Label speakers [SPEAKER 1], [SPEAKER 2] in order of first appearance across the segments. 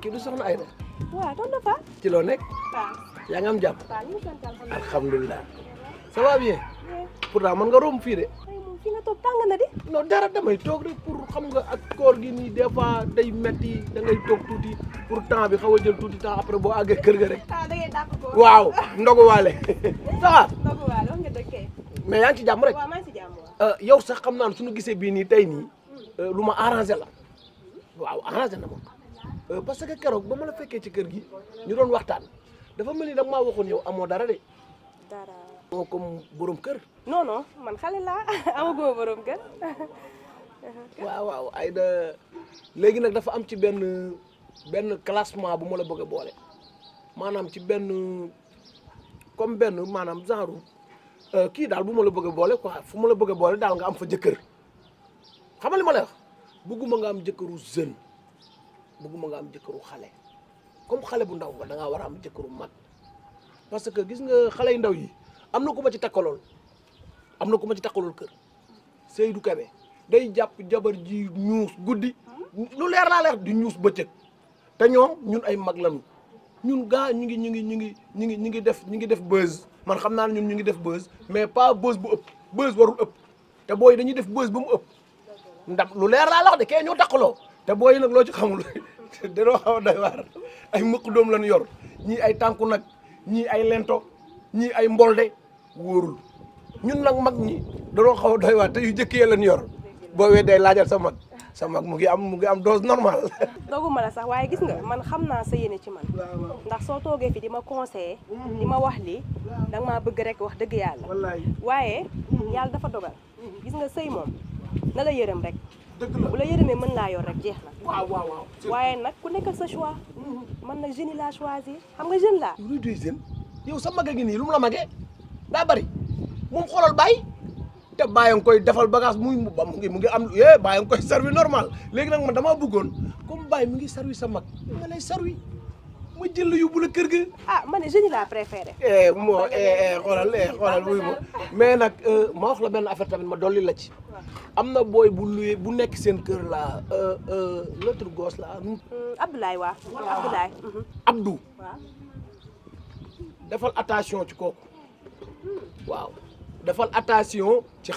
[SPEAKER 1] kii du soxna Wah, waaw doon na fa. ci loo nekk. waaw yaa ngi am jàmm. waaw ñu gak sant alhamdulilah alhamdulilah. ça va bien. pourtant mën nga romb fii de. fii nga toog tàng na di. non dara damay toog rek pour xam nga ak koor gi nii des fois day metti da ngay toog tuuti pour temps bi xaw jël temps après ga rek. Ah, mais yang ci rek. Euh, yow sax xam suñu Euh, parce que kérok bama la féké ci kër gi ñu doon waxtaan dafa melni dama waxon yow amo dara de. dara mo comme borom kër. non non man la amo go borom kër. waaw waaw da légui nak dafa am ci ben ben classement bu mo la bëgg a boole maanaam ci ben comme ben manam genre euh, ki dal bu mo la bëgg boole quoi fu mo la bëgg boole nga am fa jëkkër xamal li ma lay wax bëgguma nga am jeune. bëgguma nga am jëkkëru xale comme xale bu ndaw nga da ngaa war a am jëkkëru mag parce que gis nga xale yu ndaw yi am na ku ma ci takkalool am na ku ma ci takkalool kër Seydou Kébé day jàpp jabar ji ñuus guddi leer laa leer di ñuus bëccëg te ñoom ñun ay mag lañu ñun gaa ñu ngi ñu ngi ñu ngi ñu ngi ñu ngi def ñu ngi def buzz man xam naa ne ñun ñu ngi def buzz mais pas buzz bu ëpp buzz warul ëpp te booy dañuy def buzz bu mu ëpp ndax lu leer laa la wax de kee ñoo takkaloo te booy nag loo ci xamul danoo xaw a doy waar ay mëq doom lañu yor ñii ay tànku nag ñii ay lento ñii ay mbool mbolde wóorul ñun nag mag ñi danoo xaw a doy waar te yu jëkkee lañu yor boo weddee laajal sa mag sa mag mu ngi am doos ngi am dose normale dooguma la sax waaye gis nga man xam naa sa yéene ci man ndax soo toogee fi di ma conseillé mm-hmm. di ma wax lii danga maa bëgg rekk wax dëgg yàlla waaye mm-hmm. yàlla dafa dogal mm-hmm. gis nga sëy moom na la yërëm rek bu la yërëmee mën laa yor rek jeex na waaw waaw waaw waaye nag ku nekk sa choix man mm-hmm. nag jeune laa choisir xam nga jeune laa luy doy sa mag a ngi nii lu mu la magee daa bari moom xoolal bàyyi te bàyyi nga koy defal bagage muy mu ngi am é eh, bàyyi nga koy servi normal léegi nag man dama bëggoon comme bàyyi mu ngi servi sa mag nga lay servi ma jël la yóbbu la kër ga. ah man jeune laa préféré. Eh, moo eh, xoolal xoolal wuyu ma mais nag euh, ma wax la benn affaire tamit ma dolli la ci Il y a bu nek sen cœur euh l'autre gosse mm, mm-hmm. Abdou defal attention ci waaw defal attention ci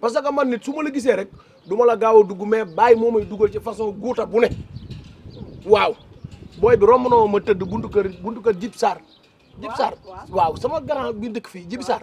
[SPEAKER 1] parce que man nit suma la gisé rek du mais bay ci façon gouta bu waaw Boy, bi ma teud buntu buntu djibsar djibsar waaw sama grand bi dëkk fi djibsar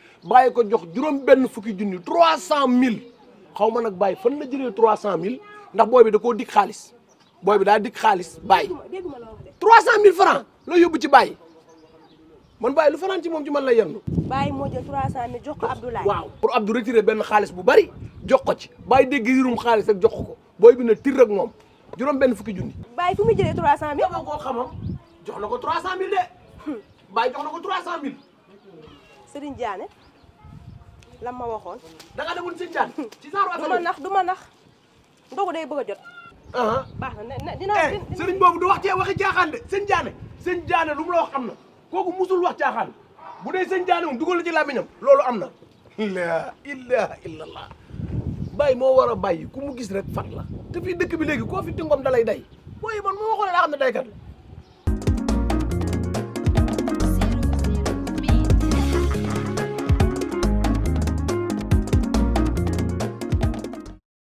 [SPEAKER 1] bàyyi ko jox juróom benn fukki junni trois cent mille xaw ma nag bàyyi fan la jëlee trois cent mille ndax booy bi da koo dig xaalis booy bi daa dig xaalis bàyyi trois cent mille francs la yóbbu ci baay man bàyyi lu fanaan ci moom ci man lay yendu bàyyi moo jël trois cent jox ko Abdoulaye waaw pour Abdou retirer benn xaalis bu bari jox ko ci bàyyi dégg yirum xaalis rek jox ko booy bi na tir rek moom juróom benn fukki junni bàyyi fu muy jëlee trois cent mille koo xamam jox na ko trois cent mille de hmm. bàyyi jox na ko trois cent mille Serigne Diané lan ma waxoon. da nga demoon Sinthiane. ci genre affaire du ma nax du ma nax ndogu a jot. Ah. baax na ne dinaa. Eh, sëriñ boobu du wax cee waxi caaxaan de sëñ Diané. sëñ Diané lu mu la wax am na kooku musul wax caaxaan bu dee sëñ Diané moom dugal la ci làmmiñam loolu am na. la ilaha illallah bàyyi moo war a ku mu gis rek fat la te fii dëkk bi léegi koo fi tingom dalay day booy man moo waxoon la xam ne daykat